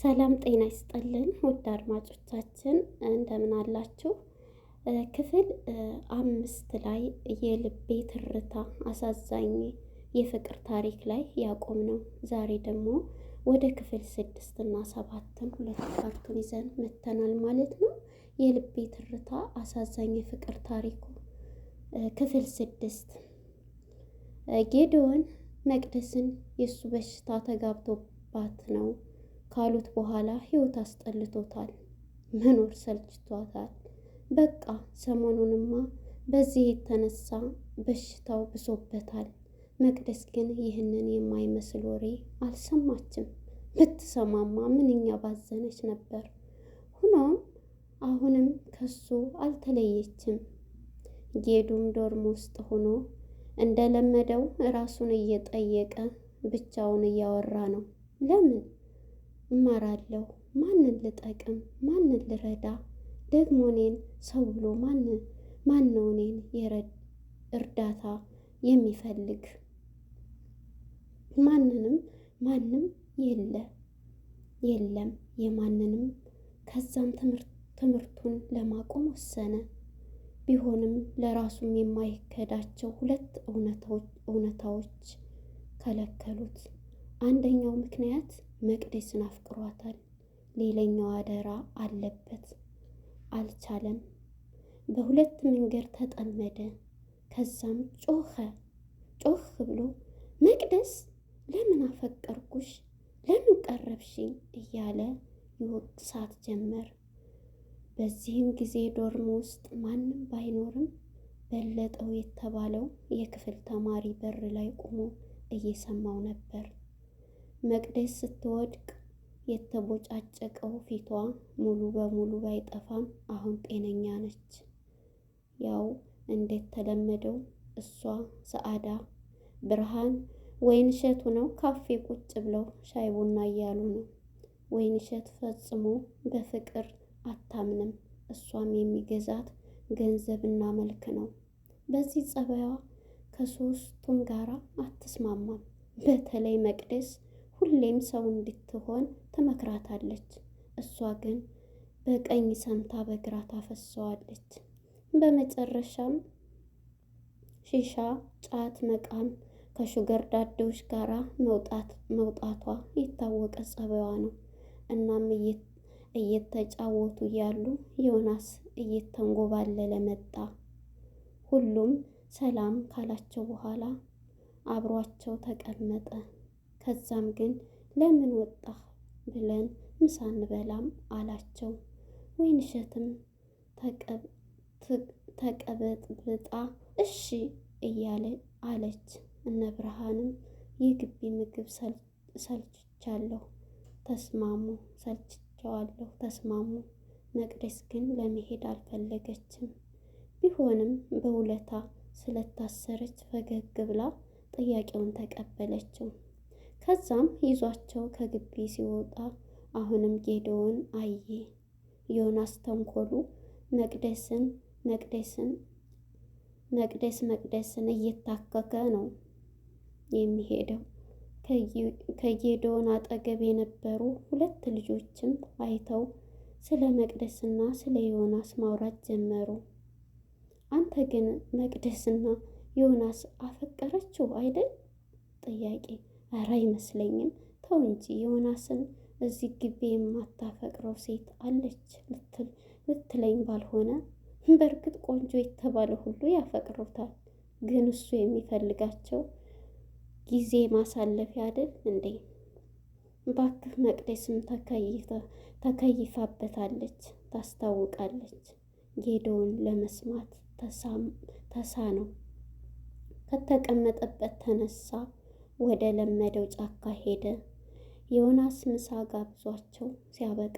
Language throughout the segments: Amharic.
ሰላም ጤና ይስጠልን ውድ አድማጮቻችን እንደምን አላችሁ? ክፍል አምስት ላይ የልቤ ትርታ አሳዛኝ የፍቅር ታሪክ ላይ ያቆም ነው። ዛሬ ደግሞ ወደ ክፍል ስድስት እና ሰባትን ሁለት ፓርቱን ይዘን መተናል ማለት ነው። የልቤ ትርታ አሳዛኝ የፍቅር ታሪኩ ክፍል ስድስት ጌዲዮን መቅደስን የእሱ በሽታ ተጋብቶባት ነው ካሉት በኋላ ህይወት አስጠልቶታል፣ መኖር ሰልችቷታል። በቃ ሰሞኑንማ በዚህ የተነሳ በሽታው ብሶበታል። መቅደስ ግን ይህንን የማይመስል ወሬ አልሰማችም። ብትሰማማ ምንኛ ባዘነች ነበር። ሆኖም አሁንም ከሱ አልተለየችም። ጌዱም ዶርም ውስጥ ሆኖ እንደለመደው ራሱን እየጠየቀ ብቻውን እያወራ ነው። ለምን እማራለሁ። ማንን ልጠቅም? ማንን ልረዳ? ደግሞ እኔን ሰው ብሎ ማን ማን ነው እኔን እርዳታ የሚፈልግ? ማንንም ማንም የለ የለም የማንንም። ከዛም ትምህርቱን ለማቆም ወሰነ። ቢሆንም ለራሱም የማይከዳቸው ሁለት እውነታዎች ከለከሉት። አንደኛው ምክንያት መቅደስን አፍቅሯታል። ሌላኛው አደራ አለበት፣ አልቻለም። በሁለት መንገድ ተጠመደ። ከዛም ጮኸ ጮህ ብሎ መቅደስ ለምን አፈቀርኩሽ፣ ለምን ቀረብሽኝ እያለ ይወቅሳት ጀመር። በዚህም ጊዜ ዶርም ውስጥ ማንም ባይኖርም በለጠው የተባለው የክፍል ተማሪ በር ላይ ቆሞ እየሰማው ነበር። መቅደስ ስትወድቅ የተቦጫጨቀው ፊቷ ሙሉ በሙሉ ባይጠፋም አሁን ጤነኛ ነች። ያው እንደተለመደው እሷ ሰአዳ ብርሃን ወይን ወይንሸቱ ነው ካፌ ቁጭ ብለው ሻይ ቡና እያሉ ነው። ወይን ሸት ፈጽሞ በፍቅር አታምንም። እሷም የሚገዛት ገንዘብና መልክ ነው። በዚህ ጸባይዋ ከሶስቱም ጋራ አትስማማም። በተለይ መቅደስ ሁሌም ሰው እንድትሆን ትመክራታለች። እሷ ግን በቀኝ ሰምታ በግራ ታፈሰዋለች። በመጨረሻም ሺሻ፣ ጫት፣ መቃም ከሹገር ዳዴዎች ጋር መውጣት መውጣቷ የታወቀ ጸባይዋ ነው። እናም እየተጫወቱ ያሉ ዮናስ እየተንጎባለለ መጣ። ሁሉም ሰላም ካላቸው በኋላ አብሯቸው ተቀመጠ። ከዛም ግን ለምን ወጣህ ብለን ምሳ እንበላም አላቸው። ወይን ሸትም ተቀበጥብጣ እሺ እያለ አለች። እነ ብርሃንም የግቢ ምግብ ሰልችቻለሁ ተስማሙ፣ ሰልችቸዋለሁ ተስማሙ። መቅደስ ግን ለመሄድ አልፈለገችም። ቢሆንም በውለታ ስለታሰረች ፈገግ ብላ ጥያቄውን ተቀበለችው። ከዛም ይዟቸው ከግቢ ሲወጣ አሁንም ጌዶን አየ። ዮናስ ተንኮሉ መቅደስን መቅደስን መቅደስ መቅደስን እየታከከ ነው የሚሄደው። ከጌዶን አጠገብ የነበሩ ሁለት ልጆችም አይተው ስለ መቅደስና ስለ ዮናስ ማውራት ጀመሩ። አንተ ግን መቅደስና ዮናስ አፈቀረችው አይደል? ጥያቄ ኧረ አይመስለኝም። ተው እንጂ ዮናስን እዚህ ግቢ የማታፈቅረው ሴት አለች ልትለኝ ባልሆነ በእርግጥ ቆንጆ የተባለ ሁሉ ያፈቅሩታል። ግን እሱ የሚፈልጋቸው ጊዜ ማሳለፊያ አይደል እንዴ? ባክህ መቅደስም ተከይፋበታለች፣ ታስታውቃለች። ጌዶውን ለመስማት ተሳ ነው። ከተቀመጠበት ተነሳ። ወደ ለመደው ጫካ ሄደ። ዮናስ ምሳ ጋብዟቸው ሲያበቃ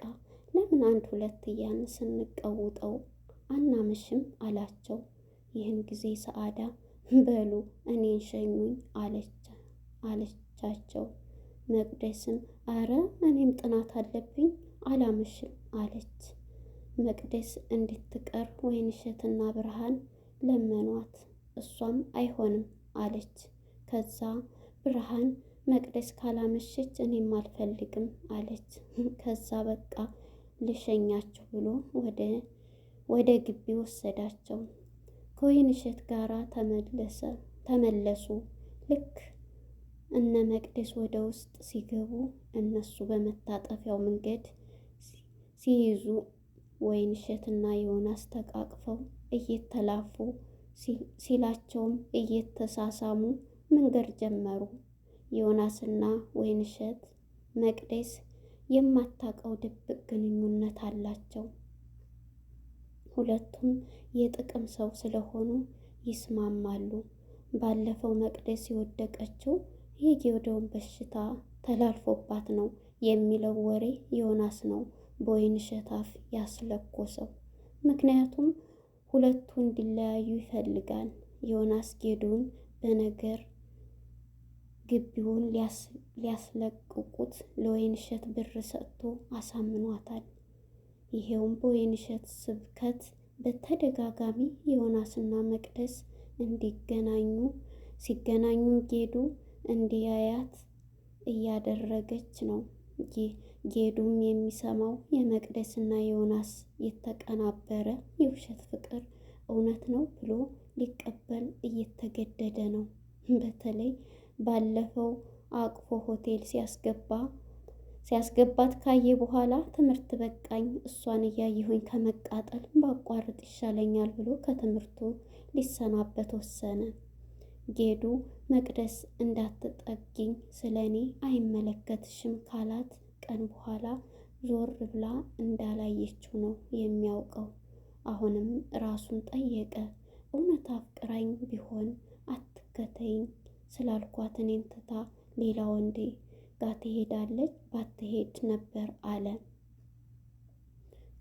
ለምን አንድ ሁለት እያን ስንቀውጠው አናመሽም አላቸው። ይህን ጊዜ ሰዓዳ በሉ እኔን ሸኙኝ አለቻቸው። መቅደስም አረ እኔም ጥናት አለብኝ አላመሽም አለች። መቅደስ እንድትቀር ወይንሸትና ብርሃን ለመኗት፣ እሷም አይሆንም አለች። ከዛ ብርሃን መቅደስ ካላመሸች እኔም አልፈልግም አለች። ከዛ በቃ ልሸኛችሁ ብሎ ወደ ወደ ግቢ ወሰዳቸው። ከወይን እሸት ጋራ ተመለሰ ተመለሱ። ልክ እነ መቅደስ ወደ ውስጥ ሲገቡ እነሱ በመታጠፊያው መንገድ ሲይዙ ወይን እሸትና ዮናስ ተቃቅፈው እየተላፉ ሲላቸውም እየተሳሳሙ መንገድ ጀመሩ። ዮናስና ወይንሸት መቅደስ የማታውቀው ድብቅ ግንኙነት አላቸው። ሁለቱም የጥቅም ሰው ስለሆኑ ይስማማሉ። ባለፈው መቅደስ የወደቀችው የጌዶን በሽታ ተላልፎባት ነው የሚለው ወሬ ዮናስ ነው በወይንሸት አፍ ያስለኮሰው። ምክንያቱም ሁለቱ እንዲለያዩ ይፈልጋል። ዮናስ ጌዶን በነገር ግቢውን ሊያስለቅቁት ለወይን እሸት ብር ሰጥቶ አሳምኗታል። ይሄውም በወይን እሸት ስብከት በተደጋጋሚ ዮናስና መቅደስ እንዲገናኙ ሲገናኙ ጌዱ እንዲያያት እያደረገች ነው። ጌዱም የሚሰማው የመቅደስና የሆናስ የተቀናበረ የውሸት ፍቅር እውነት ነው ብሎ ሊቀበል እየተገደደ ነው። በተለይ ባለፈው አቅፎ ሆቴል ሲያስገባ ሲያስገባት ካየ በኋላ ትምህርት በቃኝ፣ እሷን እያየሁኝ ከመቃጠል ባቋርጥ ይሻለኛል ብሎ ከትምህርቱ ሊሰናበት ወሰነ። ጌዱ መቅደስ እንዳትጠጊኝ ስለ እኔ አይመለከትሽም ካላት ቀን በኋላ ዞር ብላ እንዳላየችው ነው የሚያውቀው። አሁንም ራሱን ጠየቀ። እውነት አፍቅራኝ ቢሆን አትከተይኝ ስላልኳት እኔን ትታ ሌላ ወንድ ጋር ትሄዳለች ባትሄድ ነበር አለ።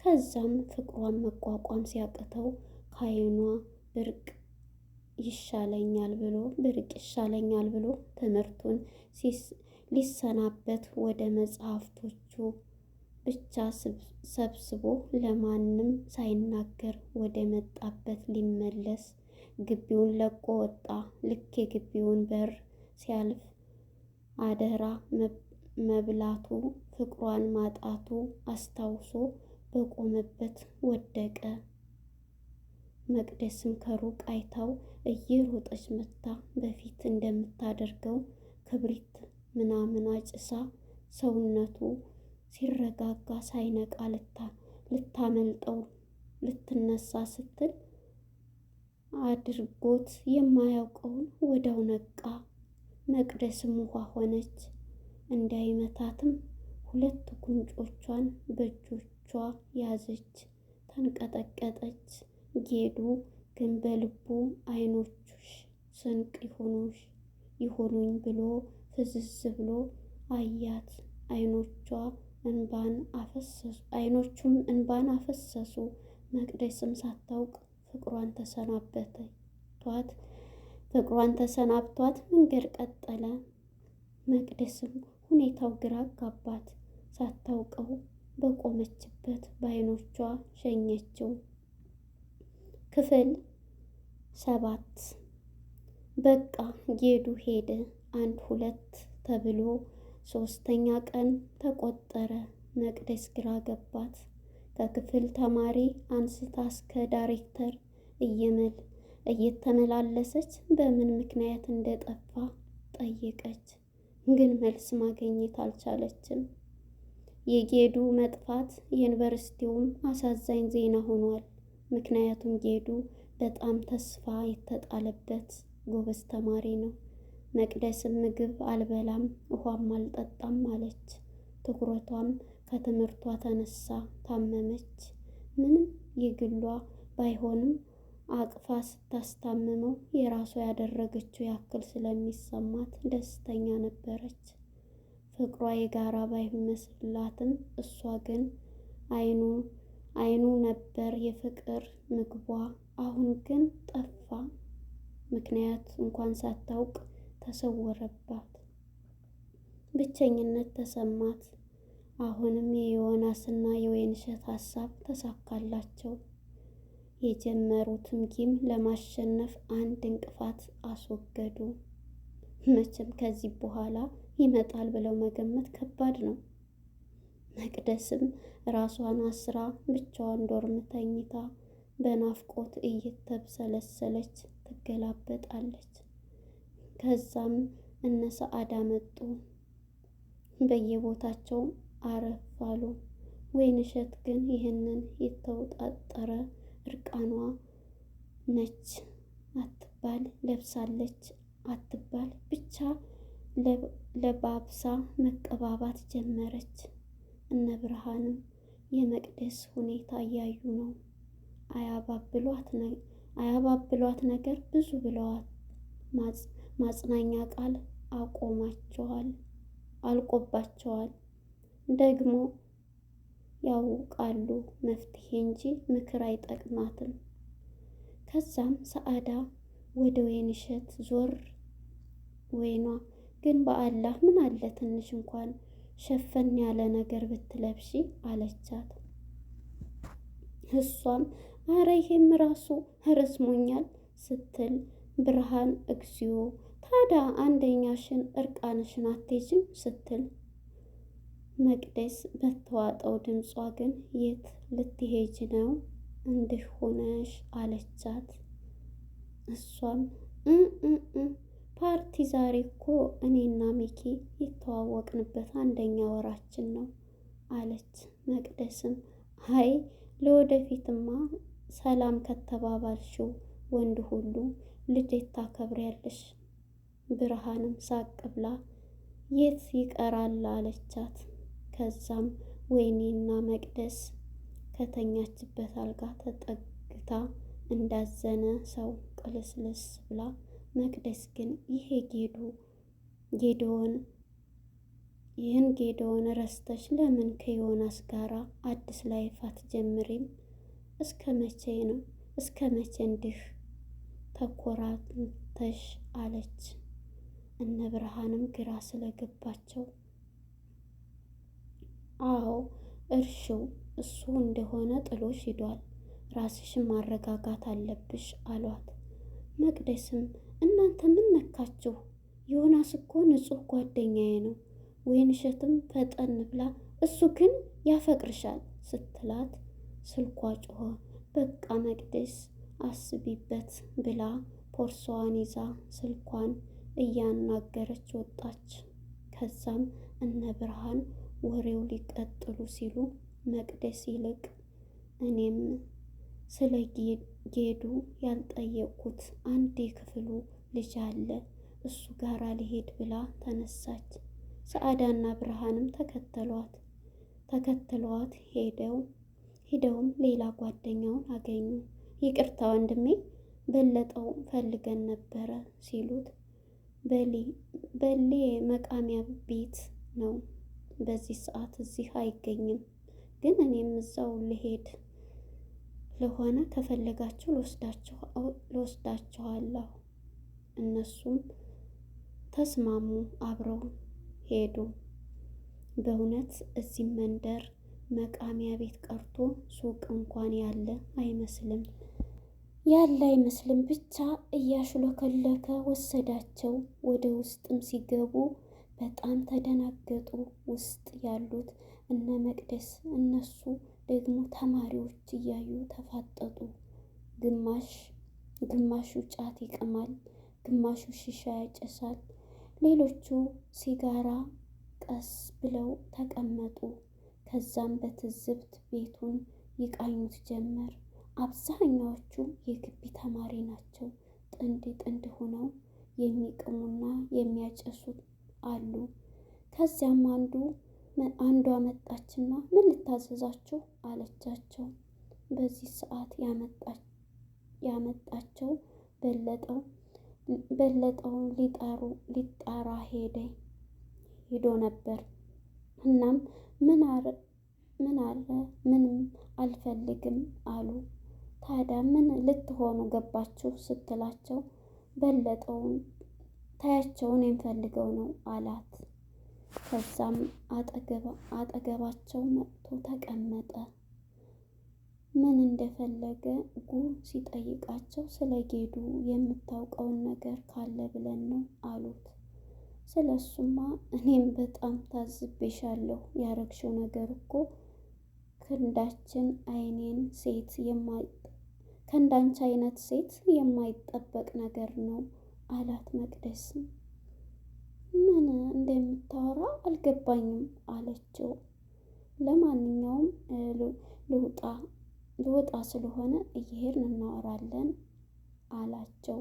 ከዛም ፍቅሯን መቋቋም ሲያቅተው ከአይኗ ብርቅ ይሻለኛል ብሎ ብርቅ ይሻለኛል ብሎ ትምህርቱን ሊሰናበት ወደ መጽሐፍቶቹ ብቻ ሰብስቦ ለማንም ሳይናገር ወደ መጣበት ሊመለስ ግቢውን ለቆ ወጣ። ልክ የግቢውን በር ሲያልፍ አደራ መብላቱ ፍቅሯን ማጣቱ አስታውሶ በቆመበት ወደቀ። መቅደስም ከሩቅ አይታው እየሮጠች መታ በፊት እንደምታደርገው ክብሪት ምናምን አጭሳ ሰውነቱ ሲረጋጋ ሳይነቃ ልታ ልታመልጠው ልትነሳ ስትል አድርጎት የማያውቀውን ወዳው ነቃ። መቅደስም ውሃ ሆነች፣ እንዳይመታትም ሁለት ጉንጮቿን በእጆቿ ያዘች። ተንቀጠቀጠች። ጌዱ ግን በልቡ አይኖቹሽ ስንቅ ይሆኑኝ ብሎ ፍዝዝ ብሎ አያት። አይኖቿ እንባን አፈሰሱ አይኖቹም እንባን አፈሰሱ። መቅደስም ሳታውቅ ፍቅሯን ተሰናበቷት ፍቅሯን ተሰናብቷት መንገድ ቀጠለ። መቅደስም ሁኔታው ግራ አጋባት። ሳታውቀው በቆመችበት በአይኖቿ ሸኘችው። ክፍል ሰባት በቃ ጌዱ ሄደ። አንድ ሁለት ተብሎ ሶስተኛ ቀን ተቆጠረ። መቅደስ ግራ ገባት። ከክፍል ተማሪ አንስታ እስከ ዳይሬክተር እየመል እየተመላለሰች በምን ምክንያት እንደጠፋ ጠየቀች። ግን መልስ ማግኘት አልቻለችም። የጌዱ መጥፋት ዩኒቨርሲቲውም አሳዛኝ ዜና ሆኗል። ምክንያቱም ጌዱ በጣም ተስፋ የተጣለበት ጎበዝ ተማሪ ነው። መቅደስም ምግብ አልበላም ውሃም አልጠጣም አለች። ትኩረቷም ከትምህርቷ ተነሳ ታመመች። ምንም የግሏ ባይሆንም አቅፋ ስታስታምመው የራሷ ያደረገችው ያክል ስለሚሰማት ደስተኛ ነበረች። ፍቅሯ የጋራ ባይመስላትም እሷ ግን አይኑ አይኑ ነበር የፍቅር ምግቧ። አሁን ግን ጠፋ። ምክንያት እንኳን ሳታውቅ ተሰወረባት። ብቸኝነት ተሰማት። አሁንም የዮናስና የወይንሸት ሀሳብ ተሳካላቸው። የጀመሩትን ጊም ለማሸነፍ አንድ እንቅፋት አስወገዱ። መቼም ከዚህ በኋላ ይመጣል ብለው መገመት ከባድ ነው። መቅደስም ራሷን አስራ ብቻዋን ዶርም ተኝታ በናፍቆት እየተብሰለሰለች ትገላበጣለች። ከዛም እነ ሰአዳ መጡ። በየቦታቸው አረፍ አሉ። ወይን እሸት ግን ይህንን የተውጣጠረ እርቃኗ ነች አትባል፣ ለብሳለች አትባል፣ ብቻ ለባብሳ መቀባባት ጀመረች። እነ ብርሃንም የመቅደስ ሁኔታ እያዩ ነው። አያባብሏት ነገር ብዙ ብለዋት ማጽናኛ ቃል አቆማቸዋል አልቆባቸዋል። ደግሞ ያውቃሉ መፍትሄ እንጂ ምክር አይጠቅማትም። ከዛም ሰአዳ ወደ ወይን እሸት ዞር ወይኗ ግን በአላህ ምን አለ ትንሽ እንኳን ሸፈን ያለ ነገር ብትለብሺ አለቻት። እሷም አረ ይሄም ራሱ ረስሞኛል ስትል ብርሃን እግዚኦ ታዲያ አንደኛሽን እርቃንሽን አትሄጂም ስትል መቅደስ በተዋጠው ድምጿ ግን የት ልትሄጅ ነው እንዲህ ሆነሽ አለቻት። እሷም ፓርቲ ዛሬ እኮ እኔና ሚኪ የተዋወቅንበት አንደኛ ወራችን ነው አለች። መቅደስም አይ ለወደፊትማ ሰላም ከተባባልሽው ወንድ ሁሉ ልደት ታከብሪያለሽ። ብርሃንም ሳቅ ብላ የት ይቀራል አለቻት። ከዛም ወይኔና መቅደስ ከተኛችበት አልጋ ተጠግታ እንዳዘነ ሰው ቅልስልስ ብላ፣ መቅደስ ግን ይሄ ጌዶ ጌዶን ይህን ጌዶን ረስተሽ ለምን ከዮናስ ጋራ አዲስ ላይፍ አትጀምሪም? እስከ መቼ ነው እስከ መቼ እንዲህ ተኮራተሽ? አለች። እነ ብርሃንም ግራ ስለገባቸው አዎ እርሺው እሱ እንደሆነ ጥሎሽ ሂዷል። ራስሽን ማረጋጋት አለብሽ አሏት። መቅደስም እናንተ ምን ነካችሁ? ዮናስ እኮ ንጹህ ጓደኛዬ ነው። ወይንሸትም ፈጠን ብላ እሱ ግን ያፈቅርሻል ስትላት ስልኳ ጮኸ። በቃ መቅደስ አስቢበት ብላ ቦርሳዋን ይዛ ስልኳን እያናገረች ወጣች። ከዛም እነ ብርሃን ወሬው ሊቀጥሉ ሲሉ መቅደስ ይልቅ እኔም ስለ ጌዱ ያልጠየቅኩት አንድ የክፍሉ ልጅ አለ እሱ ጋር ሊሄድ ብላ ተነሳች። ሰዓዳና ብርሃንም ተከተሏት ተከትለዋት ሄደው ሂደውም ሌላ ጓደኛውን አገኙ። ይቅርታ ወንድሜ በለጠው ፈልገን ነበረ ሲሉት በሌ መቃሚያ ቤት ነው በዚህ ሰዓት እዚህ አይገኝም፣ ግን እኔም እዛው ልሄድ ለሆነ ከፈለጋችሁ ልወስዳችኋለሁ። እነሱም ተስማሙ፣ አብረው ሄዱ። በእውነት እዚህ መንደር መቃሚያ ቤት ቀርቶ ሱቅ እንኳን ያለ አይመስልም ያለ አይመስልም። ብቻ እያሽሎከለከ ወሰዳቸው። ወደ ውስጥም ሲገቡ በጣም ተደናገጡ ውስጥ ያሉት እነ መቅደስ። እነሱ ደግሞ ተማሪዎች እያዩ ተፋጠጡ። ግማሽ ግማሹ ጫት ይቅማል፣ ግማሹ ሽሻ ያጨሳል። ሌሎቹ ሲጋራ ቀስ ብለው ተቀመጡ። ከዛም በትዝብት ቤቱን ይቃኙት ጀመር። አብዛኛዎቹ የግቢ ተማሪ ናቸው። ጥንድ ጥንድ ሆነው የሚቅሙና የሚያጨሱት አሉ። ከዚያም አንዱ አንዷ መጣችና ምን ልታዘዛችሁ አለቻቸው። በዚህ ሰዓት ያመጣቸው በለጠው በለጠውን ሊጠሩ ሊጣራ ሄደ ሄዶ ነበር። እናም ምን አለ ምንም አልፈልግም አሉ። ታዲያ ምን ልትሆኑ ገባችሁ ስትላቸው በለጠውን ታያቸውን የምፈልገው ነው አላት። ከዛም አጠገባቸው መጥቶ ተቀመጠ። ምን እንደፈለገ ጉ ሲጠይቃቸው ስለ ጌዱ የምታውቀውን ነገር ካለ ብለን ነው አሉት። ስለ እሱማ እኔም በጣም ታዝቤሻለሁ። ያረግሽው ነገር እኮ ክንዳችን አይኔን ሴት ከእንዳንቺ አይነት ሴት የማይጠበቅ ነገር ነው አላት መቅደስ። ምን እንደምታወራ አልገባኝም አለችው። ለማንኛውም ልውጣ ልወጣ ስለሆነ እየሄድን እናወራለን አላቸው።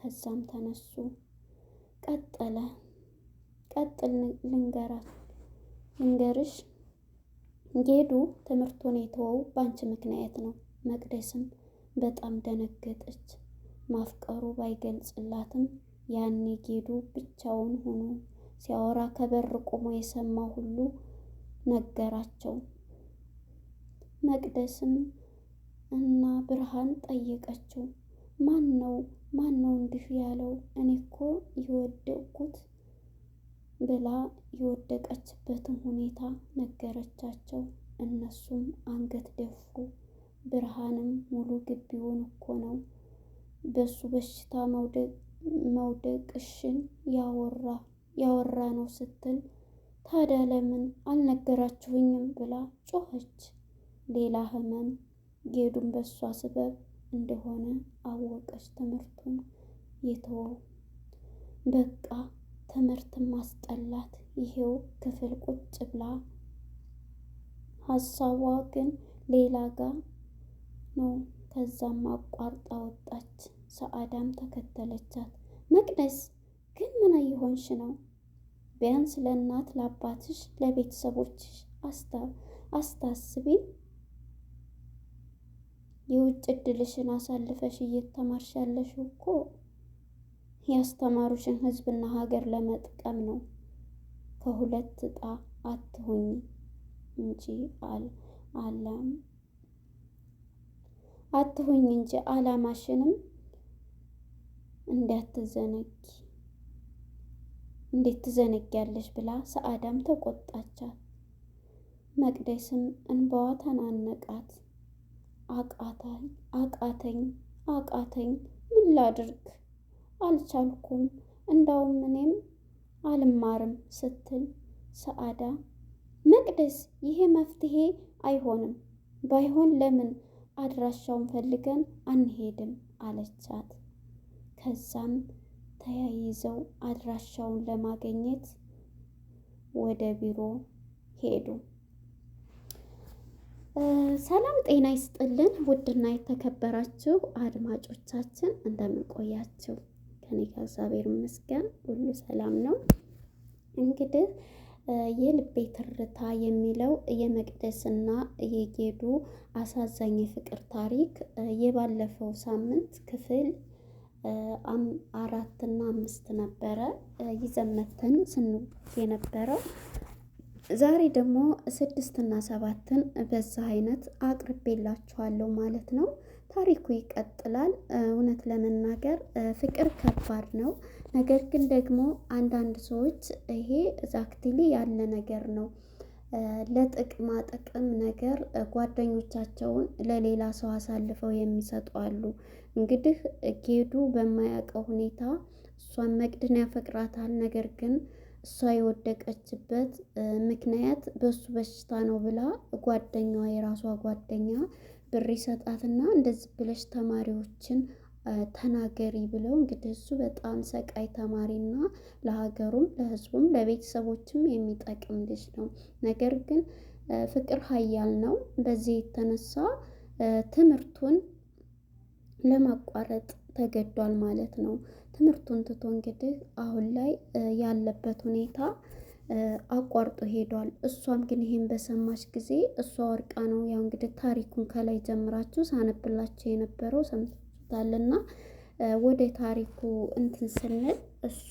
ከዛም ተነሱ። ቀጠለ ቀጥል ልንገርሽ ጌዱ ትምህርቱን የተወው በአንቺ ምክንያት ነው። መቅደስም በጣም ደነገጠች። ማፍቀሩ ባይገልጽላትም ያኔ ጌዱ ብቻውን ሆኖ ሲያወራ ከበር ቆሞ የሰማ ሁሉ ነገራቸው። መቅደስም እና ብርሃን ጠየቀችው። ማን ነው ማን ነው እንዲህ ያለው? እኔ እኮ የወደቅኩት ብላ የወደቀችበትን ሁኔታ ነገረቻቸው። እነሱም አንገት ደፉ። ብርሃንም ሙሉ ግቢውን እኮ ነው በሱ በሽታ መውደቅሽን ያወራ ነው ስትል ታዲያ ለምን አልነገራችሁኝም ብላ ጮኸች። ሌላ ህመም ጌዱን በሷ ስበብ እንደሆነ አወቀች። ትምህርቱን የተወው በቃ ትምህርት ማስጠላት ይሄው ክፍል ቁጭ ብላ ሀሳቧ ግን ሌላ ጋ ነው። ከዛም አቋርጣ ወጣች። ሰአዳም ተከተለቻት። መቅደስ ግን ምን እየሆንሽ ነው? ቢያንስ ለእናት ለአባትሽ፣ ለቤተሰቦችሽ አስታስቢ። የውጭ እድልሽን አሳልፈሽ እየተማርሽ ያለሽው እኮ ያስተማሩሽን ህዝብና ሀገር ለመጥቀም ነው። ከሁለት እጣ አትሁኝ እንጂ አላም አትሁኝ እንጂ አላማሽንም እንዳትዘነጊ እንዴት ትዘነጊያለሽ ብላ ሰአዳም ተቆጣቻት። መቅደስም እንባዋ ተናነቃት። አቃታኝ አቃተኝ አቃተኝ ምን ላድርግ አልቻልኩም፣ እንዳውም እኔም አልማርም ስትል ሰአዳ መቅደስ ይሄ መፍትሄ አይሆንም፣ ባይሆን ለምን አድራሻውን ፈልገን አንሄድም አለቻት። ከዛም ተያይዘው አድራሻውን ለማግኘት ወደ ቢሮ ሄዱ። ሰላም ጤና ይስጥልን። ውድና የተከበራችሁ አድማጮቻችን እንደምንቆያችሁ፣ ቆያችሁ? ከኔ ጋር ይመስገን ሁሉ ሰላም ነው። እንግዲህ የልቤ ትርታ የሚለው የመቅደስና የጌዱ አሳዛኝ የፍቅር ታሪክ የባለፈው ሳምንት ክፍል አራት እና አምስት ነበረ ይዘን መተን የነበረው። ዛሬ ደግሞ ስድስት እና ሰባትን በዛ አይነት አቅርቤላችኋለሁ ማለት ነው። ታሪኩ ይቀጥላል። እውነት ለመናገር ፍቅር ከባድ ነው። ነገር ግን ደግሞ አንዳንድ ሰዎች ይሄ ዛክትሊ ያለ ነገር ነው ለጥቅማ ጥቅም ነገር ጓደኞቻቸውን ለሌላ ሰው አሳልፈው የሚሰጡ አሉ። እንግዲህ ጌዱ በማያውቀው ሁኔታ እሷን መቅድን ያፈቅራታል። ነገር ግን እሷ የወደቀችበት ምክንያት በሱ በሽታ ነው ብላ ጓደኛዋ የራሷ ጓደኛ ብር ይሰጣትና እንደዚህ ብለሽ ተማሪዎችን ተናገሪ ብለው እንግዲህ እሱ በጣም ሰቃይ ተማሪና ለሀገሩም ለህዝቡም ለቤተሰቦችም የሚጠቅም ልጅ ነው። ነገር ግን ፍቅር ሀያል ነው። በዚህ የተነሳ ትምህርቱን ለማቋረጥ ተገዷል ማለት ነው። ትምህርቱን ትቶ እንግዲህ አሁን ላይ ያለበት ሁኔታ አቋርጦ ሄዷል። እሷም ግን ይሄን በሰማች ጊዜ እሷ ወርቃ ነው ያው እንግዲህ ታሪኩን ከላይ ጀምራችሁ ሳነብላችሁ የነበረው ያስታልና ወደ ታሪኩ እንትን ስንል እሷ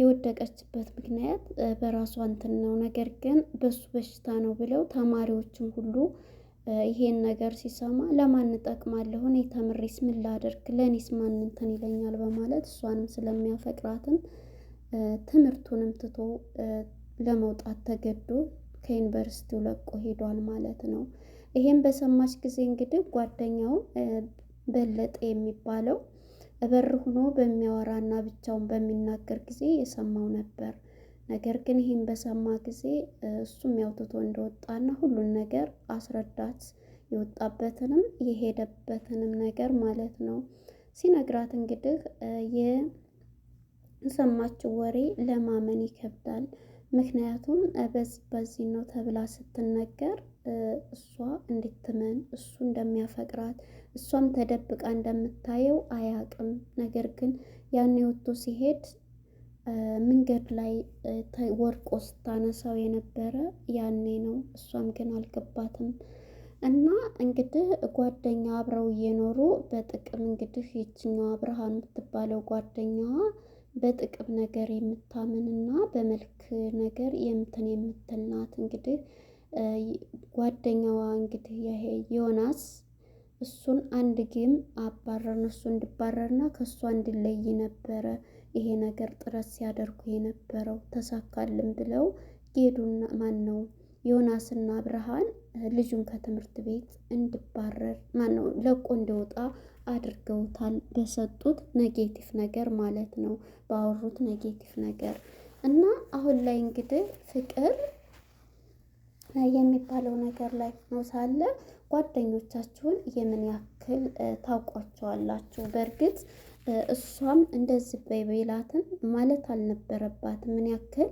የወደቀችበት ምክንያት በራሷ እንትን ነው። ነገር ግን በሱ በሽታ ነው ብለው ተማሪዎችን ሁሉ ይሄን ነገር ሲሰማ ለማን እጠቅማለሁ እኔ ተምሬስ ምን ላደርግ ለእኔስ ማን እንትን ይለኛል በማለት እሷንም ስለሚያፈቅራትም ትምህርቱንም ትቶ ለመውጣት ተገዶ ከዩኒቨርሲቲው ለቆ ሄዷል ማለት ነው። ይሄን በሰማች ጊዜ እንግዲህ ጓደኛው በለጠ የሚባለው እበር ሆኖ በሚያወራና ብቻውን በሚናገር ጊዜ የሰማው ነበር። ነገር ግን ይህን በሰማ ጊዜ እሱም ያውትቶ እንደወጣና ሁሉን ነገር አስረዳት። የወጣበትንም የሄደበትንም ነገር ማለት ነው። ሲነግራት እንግዲህ የሰማችው ወሬ ለማመን ይከብዳል። ምክንያቱም በዚህ በዚህ ነው ተብላ ስትነገር እሷ እንድትመን እሱ እንደሚያፈቅራት እሷም ተደብቃ እንደምታየው አያውቅም። ነገር ግን ያኔ ወጥቶ ሲሄድ መንገድ ላይ ወርቆ ስታነሳው የነበረ ያኔ ነው። እሷም ግን አልገባትም። እና እንግዲህ ጓደኛ አብረው እየኖሩ በጥቅም እንግዲህ ይችኛዋ ብርሃን የምትባለው ጓደኛዋ በጥቅም ነገር የምታምንና በመልክ ነገር የምትን ናት። እንግዲህ ጓደኛዋ እንግዲህ ይሄ ዮናስ እሱን አንድ ጌም አባረርን እሱ እንዲባረርና ከእሷ እንዲለይ ነበረ ይሄ ነገር ጥረት ሲያደርጉ የነበረው ተሳካልን ብለው ጌዱና ማን ነው ዮናስና ብርሃን ልጁን ከትምህርት ቤት እንድባረር ማነው ለቆ እንዲወጣ አድርገውታል። በሰጡት ኔጌቲቭ ነገር ማለት ነው፣ ባወሩት ኔጌቲቭ ነገር እና አሁን ላይ እንግዲህ ፍቅር የሚባለው ነገር ላይ ነው ሳለ ጓደኞቻችሁን የምን ያክል ታውቋቸዋላችሁ? በእርግጥ እሷም እንደዚህ በቤላትን ማለት አልነበረባትም። ምን ያክል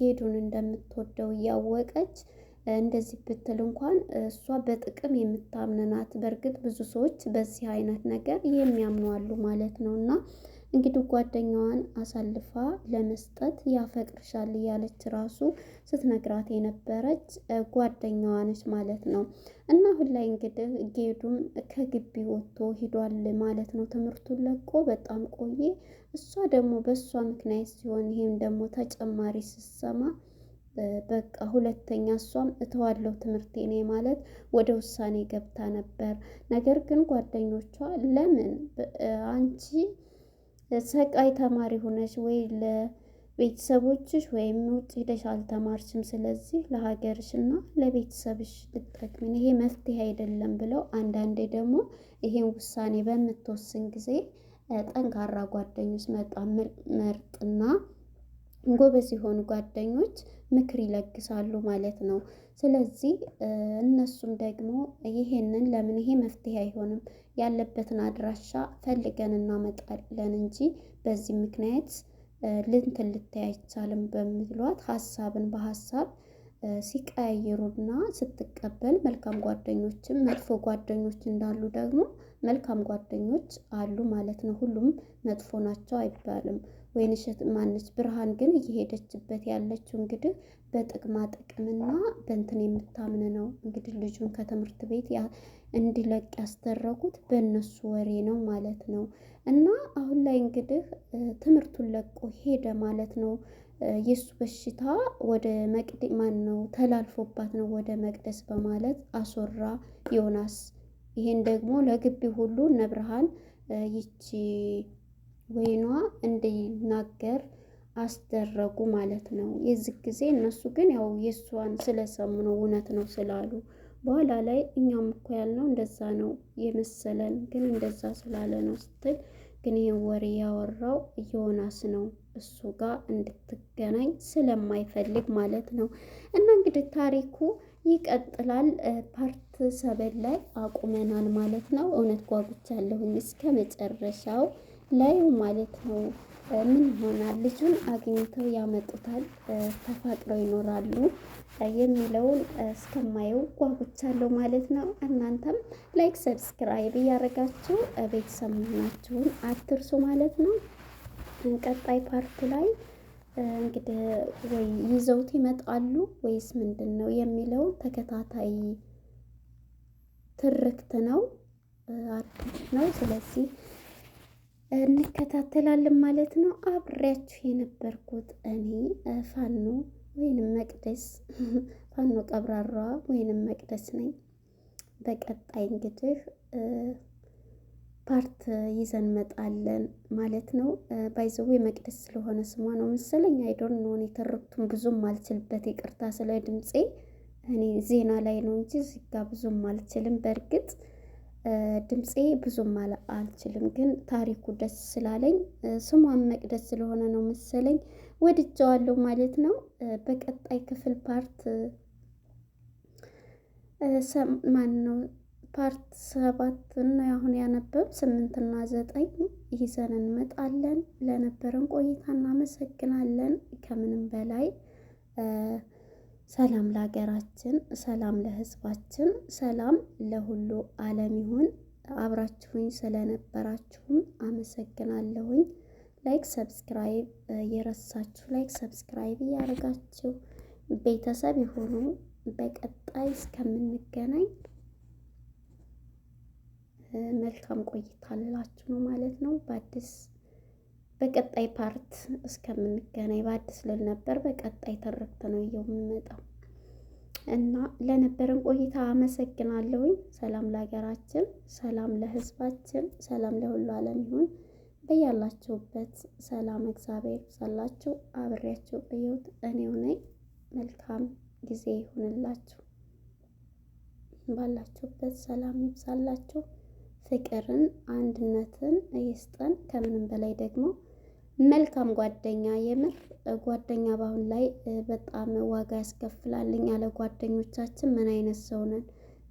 ጌዱን እንደምትወደው እያወቀች እንደዚህ ብትል እንኳን እሷ በጥቅም የምታምንናት በእርግጥ ብዙ ሰዎች በዚህ አይነት ነገር የሚያምኗሉ ማለት ነው። እና እንግዲህ ጓደኛዋን አሳልፋ ለመስጠት ያፈቅርሻል እያለች ራሱ ስትነግራት የነበረች ጓደኛዋ ነች ማለት ነው። እና አሁን ላይ እንግዲህ ጌዱም ከግቢ ወጥቶ ሂዷል ማለት ነው። ትምህርቱን ለቆ በጣም ቆየ። እሷ ደግሞ በእሷ ምክንያት ሲሆን ይህም ደግሞ ተጨማሪ ስትሰማ በቃ ሁለተኛ እሷም እተዋለሁ ትምህርቴን ማለት ወደ ውሳኔ ገብታ ነበር። ነገር ግን ጓደኞቿ ለምን አንቺ ሰቃይ ተማሪ ሆነች ወይ ለቤተሰቦችሽ ወይም ውጭ ሄደሽ አልተማርሽም፣ ስለዚህ ለሀገርሽ እና ለቤተሰብሽ ልጠቅምን ይሄ መፍትሄ አይደለም ብለው አንዳንዴ ደግሞ ይሄን ውሳኔ በምትወስን ጊዜ ጠንካራ ጓደኞች መጣ ምርጥና ጎበዝ የሆኑ ጓደኞች ምክር ይለግሳሉ ማለት ነው። ስለዚህ እነሱም ደግሞ ይሄንን ለምን ይሄ መፍትሄ አይሆንም ያለበትን አድራሻ ፈልገን እናመጣለን እንጂ በዚህ ምክንያት ልንትን ልታይ አይቻልም በሚሏት ሀሳብን በሀሳብ ሲቀያየሩና ስትቀበል መልካም ጓደኞችም መጥፎ ጓደኞች እንዳሉ ደግሞ መልካም ጓደኞች አሉ ማለት ነው። ሁሉም መጥፎ ናቸው አይባልም። ወይንሸት ማነች ብርሃን ግን እየሄደችበት ያለችው እንግዲህ በጥቅማ ጥቅምና በእንትን የምታምን ነው። እንግዲህ ልጁን ከትምህርት ቤት እንዲለቅ ያስደረጉት በእነሱ ወሬ ነው ማለት ነው። እና አሁን ላይ እንግዲህ ትምህርቱን ለቆ ሄደ ማለት ነው። የእሱ በሽታ ወደ መቅደ ማን ነው ተላልፎባት ነው ወደ መቅደስ በማለት አስወራ ዮናስ። ይሄን ደግሞ ለግቢ ሁሉ እነ ብርሃን ይቺ ወይኗ እንዲናገር አስደረጉ ማለት ነው። የዚህ ጊዜ እነሱ ግን ያው የእሷን ስለሰሙ ነው እውነት ነው ስላሉ በኋላ ላይ እኛም እኮ ያልነው እንደዛ ነው የመሰለን ግን እንደዛ ስላለ ነው ስትል ግን ይህ ወሬ ያወራው ዮናስ ነው እሱ ጋር እንድትገናኝ ስለማይፈልግ ማለት ነው። እና እንግዲህ ታሪኩ ይቀጥላል። ፓርት ሰበን ላይ አቁመናል ማለት ነው። እውነት ጓጉቻለሁኝ እስከ መጨረሻው ላዩ ማለት ነው። ምን ይሆናል ልጁን አግኝተው ያመጡታል፣ ተፋቅረው ይኖራሉ የሚለውን እስከማየው ጓጉቻለሁ ማለት ነው። እናንተም ላይክ፣ ሰብስክራይብ እያደረጋችሁ ቤተሰብ መሆናችሁን አትርሱ ማለት ነው። ቀጣይ ፓርት ላይ እንግዲህ ወይ ይዘውት ይመጣሉ ወይስ ምንድን ነው የሚለው ተከታታይ ትርክት ነው ነው። ስለዚህ እንከታተላለን ማለት ነው። አብሬያችሁ የነበርኩት እኔ ፋኖ ወይንም መቅደስ ፋኖ ቀብራሯ ወይንም መቅደስ ነኝ። በቀጣይ እንግዲህ ፓርት ይዘን መጣለን ማለት ነው። ባይዘዌ መቅደስ ስለሆነ ስሟ ነው መሰለኝ አይዶን ነሆን የተረቱን ብዙም አልችልበት ይቅርታ ስለ ድምፄ እኔ ዜና ላይ ነው እንጂ እዚህ ብዙም አልችልም በእርግጥ ድምፄ ብዙም አልችልም፣ ግን ታሪኩ ደስ ስላለኝ ስሟን መቅደስ ስለሆነ ነው መሰለኝ ወድጀዋለሁ ማለት ነው። በቀጣይ ክፍል ፓርት ማን ነው ፓርት ሰባት ነው አሁን ያነበብ ስምንትና ዘጠኝ ይዘን እንመጣለን። ለነበረን ቆይታ እናመሰግናለን ከምንም በላይ ሰላም ለሀገራችን፣ ሰላም ለሕዝባችን፣ ሰላም ለሁሉ ዓለም ይሁን። አብራችሁኝ ስለነበራችሁም አመሰግናለሁኝ። ላይክ ሰብስክራይብ የረሳችሁ ላይክ ሰብስክራይብ እያደረጋችሁ ቤተሰብ የሆኑ በቀጣይ እስከምንገናኝ መልካም ቆይታ ልላችሁ ነው ማለት ነው በአዲስ በቀጣይ ፓርት እስከምንገናኝ በአዲስ ልል ነበር። በቀጣይ ትርክት ነው የምመጣው እና ለነበረን ቆይታ አመሰግናለሁኝ። ሰላም ለሀገራችን፣ ሰላም ለሕዝባችን፣ ሰላም ለሁሉ ዓለም ይሁን። በያላችሁበት ሰላም እግዚአብሔር ይብዛላችሁ። አብሬያችሁ ቆየሁት እኔው ነኝ። መልካም ጊዜ ይሁንላችሁ። ባላችሁበት ሰላም ይብዛላችሁ። ፍቅርን አንድነትን ይስጠን። ከምንም በላይ ደግሞ መልካም ጓደኛ የምር ጓደኛ በአሁን ላይ በጣም ዋጋ ያስከፍላል። እኛ ጓደኞቻችን ምን አይነት ሰው ነን?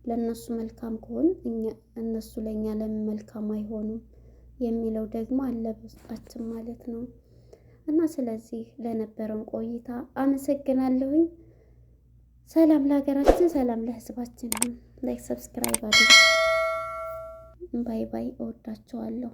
ለእነሱ መልካም ከሆን እነሱ ለእኛ ለምን መልካም አይሆኑም የሚለው ደግሞ አለ በውስጣችን ማለት ነው። እና ስለዚህ ለነበረን ቆይታ አመሰግናለሁኝ። ሰላም ለሀገራችን፣ ሰላም ለሕዝባችን። ላይክ ሰብስክራይብ አድርጉ። ባይ ባይ። እወዳችኋለሁ።